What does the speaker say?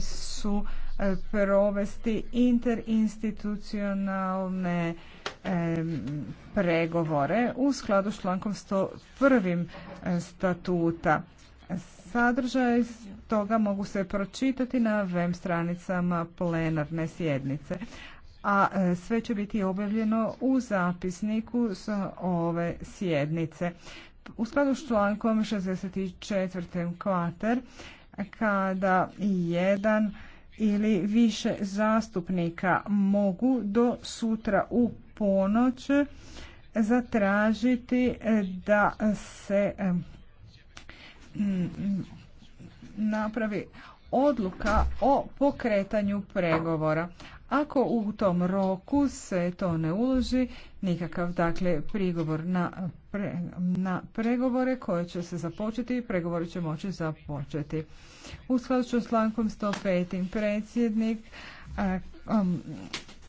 su e, provesti interinstitucionalne e, pregovore u skladu s člankom 101. E, statuta. Sadržaj toga mogu se pročitati na web stranicama plenarne sjednice. A sve će biti objavljeno u zapisniku s ove sjednice. U skladu s člankom 64. kvater kada jedan ili više zastupnika mogu do sutra u ponoć zatražiti da se napravi odluka o pokretanju pregovora. Ako u tom roku se to ne uloži, nikakav dakle prigovor na, na pregovore koje će se započeti i pregovori će moći započeti. U skladu s člankom 105. predsjednik um,